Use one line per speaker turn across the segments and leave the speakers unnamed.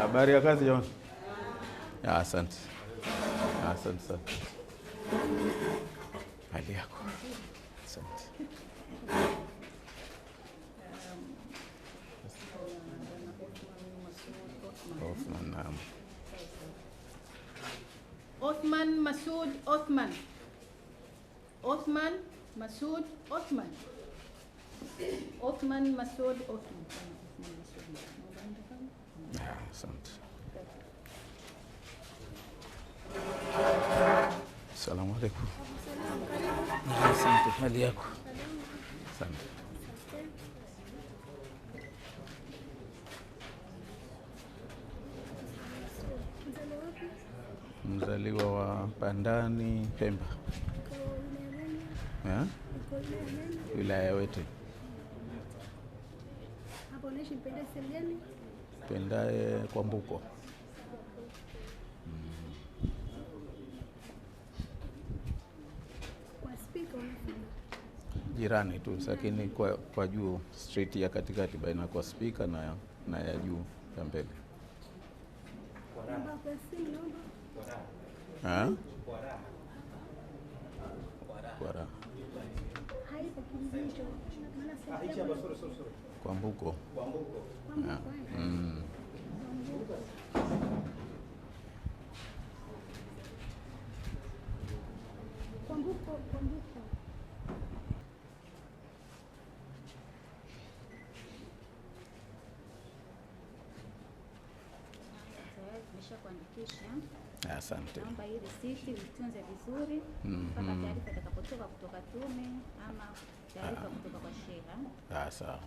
Habari ya kazi jamani? Asante, asante sana. Hali yako? Asante. Othman, naam.
Othman Masud Othman. Othman Masud Othman. Othman Masud Othman.
Asante. Salamu alaikum. Asante. hali yako. Asante. Mzaliwa wa Pandani, Pemba, eh? wilaya ya Wete
tuendaye kwa Mbuko.
jirani tu, lakini kwa, kwa juu street ya katikati baina kwa spika na, na ya juu ya mbele kwa raha kwa Mbuko.
Yeah. Mm. Asante. Naomba hii risiti uitunze vizuri mhm. mpaka taarifa itakapotoka kutoka tume ama
Ah, sawa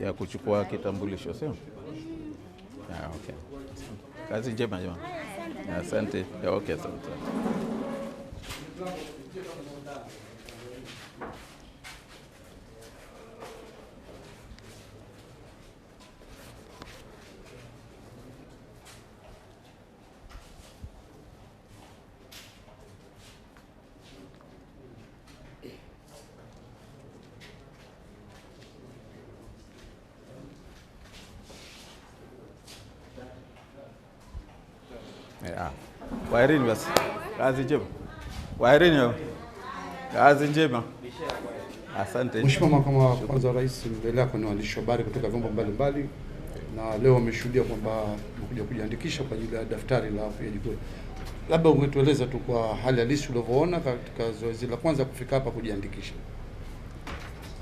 ya kuchukua kitambulisho, sio? Ah, okay. Kazi njema jamaa. asante. Okay, asante. Kwaherini basi, kazi njema. Kwaherini kazi njema. Asante.
Mheshimiwa Makamu wa Kwanza wa Rais, mbele yako ni waandishi habari kutoka vyombo mbalimbali, na leo wameshuhudia kwamba mekuja kujiandikisha kwa ajili ya daftari la wapigaji kura. Labda ungetueleza tu kwa hali halisi ulivyoona katika zoezi la kwanza kufika hapa kujiandikisha.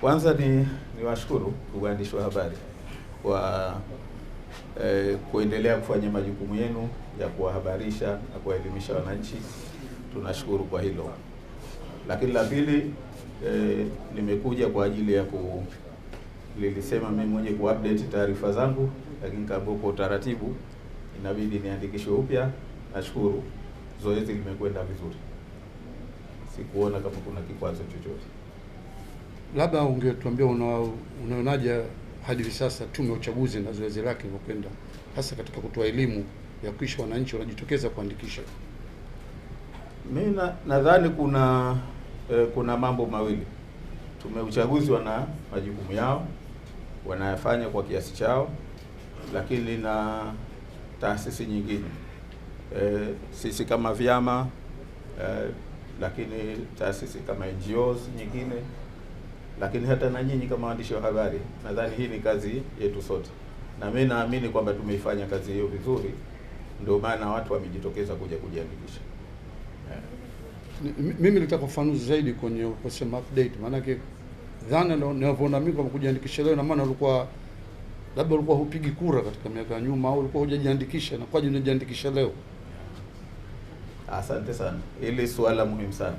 Kwanza ni niwashukuru ndugu waandishi wa habari kwa eh, kuendelea kufanya majukumu yenu ya kuwahabarisha na kuwaelimisha wananchi. Tunashukuru kwa hilo, lakini la pili eh, nimekuja kwa ajili ya ku lilisema mimi mwenye ku update taarifa zangu, lakini kaambia kwa utaratibu inabidi niandikishwe upya. Nashukuru zoezi limekwenda vizuri, sikuona kama kuna kikwazo chochote.
Labda ungetuambia unaonaje hadi hivi sasa tume ya uchaguzi na zoezi lake lilivyokwenda, hasa katika kutoa elimu ya kuisha wananchi wanajitokeza kuandikisha.
Mimi nadhani kuna eh, kuna mambo mawili. Tume ya uchaguzi wana majukumu yao wanayafanya kwa kiasi chao, lakini na taasisi nyingine eh, sisi kama vyama eh, lakini taasisi kama NGOs nyingine lakini hata na nyinyi kama waandishi wa habari, nadhani hii ni kazi yetu sote, na mimi naamini kwamba tumeifanya kazi hiyo vizuri, ndio maana watu wamejitokeza kuja kujiandikisha.
Yeah. Mimi nitaka ufafanuzi zaidi kwenye kusema update, maanake dhana ninavyoona mimi kwa kujiandikisha leo, na maana ulikuwa labda ulikuwa hupigi kura katika miaka ya nyuma, au ulikuwa hujajiandikisha na kwaje unajiandikisha leo?
Asante sana, hili suala muhimu sana.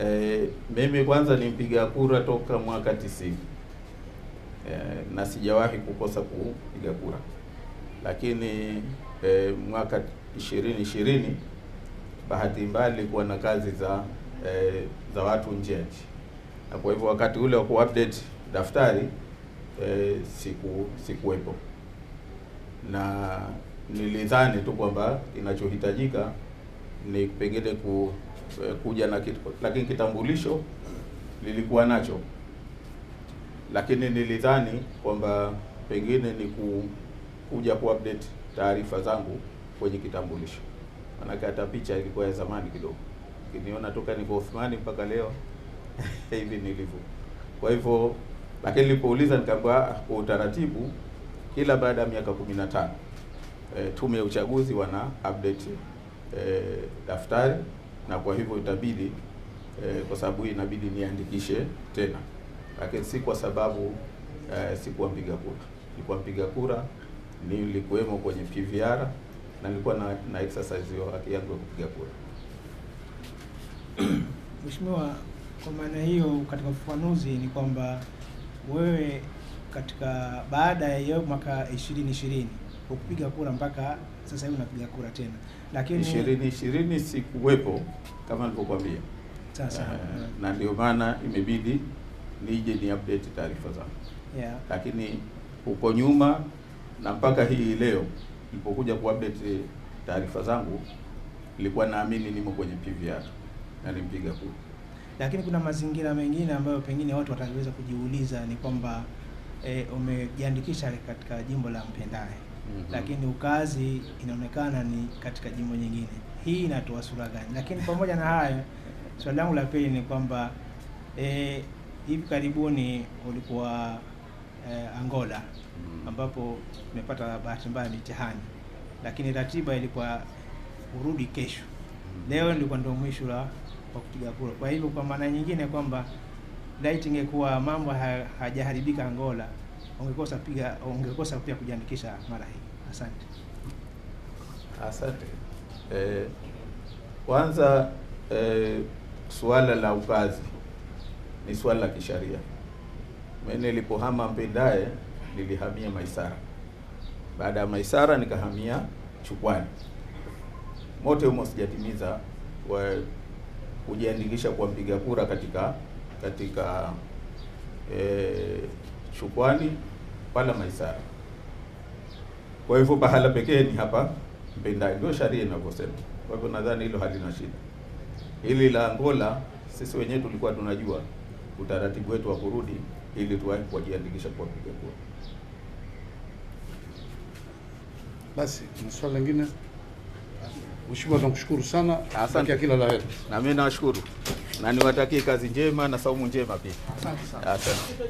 E, mimi kwanza ni mpiga kura toka mwaka tisini e, na sijawahi kukosa kupiga kura, lakini e, mwaka ishirini ishirini bahati mbaya nilikuwa na kazi za e, za watu nje ya nchi, na kwa hivyo wakati ule wa update daftari e, siku sikuwepo, na nilidhani tu kwamba inachohitajika ni pengine ku eh, kuja na kitu, lakini kitambulisho nilikuwa nacho, lakini nilidhani kwamba pengine ni ku, kuja update taarifa zangu kwenye kitambulisho, maanake hata picha ilikuwa ya zamani kidogo, kiniona toka niko Uthmani mpaka leo hivi nilivyo. Kwa hivyo, lakini nilipouliza nikaambiwa ah, kwa utaratibu kila baada ya miaka 15 e, eh, tume ya uchaguzi wana update e, daftari na kwa hivyo itabidi eh, kwa sababu hii inabidi niandikishe tena, lakini si kwa sababu eh, sikuwa mpiga kura. Nilikuwa mpiga kura, nilikuwemo kwenye PVR na nilikuwa na, na exercise hiyo haki yangu ya kupiga kura.
Mheshimiwa, kwa maana hiyo katika ufafanuzi ni kwamba wewe katika baada ya mwaka 2020 kupiga kura mpaka sasa hivi unapiga kura tena, lakini
ishirini ishirini sikuwepo kama nilivyokuambia
sasa, uh,
na ndio maana imebidi nije ni update taarifa zangu yeah. Lakini huko nyuma na mpaka hii leo nilipokuja ku update taarifa zangu nilikuwa naamini nimo kwenye PVR na nilimpiga kura,
lakini kuna mazingira mengine ambayo pengine watu wataweza kujiuliza ni kwamba e, umejiandikisha katika jimbo la Mpendae -hmm. lakini ukazi inaonekana ni katika jimbo nyingine. Hii inatoa sura gani? Lakini pamoja na hayo, swali langu la pili ni kwamba e, hivi karibuni ulikuwa e, Angola mhm. ambapo tumepata bahati mbaya mitihani, lakini ratiba ilikuwa urudi kesho. Mhm. Leo nilikuwa ndio mwisho la wa kupiga kura. Kwa hivyo kwa maana nyingine kwamba laiti ingekuwa mambo hajaharibika Angola ungekosa pia ungekosa pia kujiandikisha mara hii. Asante,
asante. Eh, kwanza eh, suala la ukazi ni suala la kisharia. Mimi nilipohama Mpendae nilihamia Maisara, baada ya Maisara nikahamia Chukwani. Mote humo sijatimiza wa kujiandikisha kwa mpiga kura katika katika e, shukwani wala maisara. Kwa hivyo pahala pekee ni hapa Mpindani, ndio sharia inavyosema. Kwa hivyo nadhani hilo halina shida. Hili la Angola sisi wenyewe tulikuwa tunajua utaratibu wetu wa kurudi ili tuwahi kujiandikisha kwa kupiga kura.
Basi swali lingine, Mheshimiwa, tunakushukuru sana, asante, kila la heri.
Na mimi nawashukuru na niwatakie kazi njema na saumu njema pia, asante.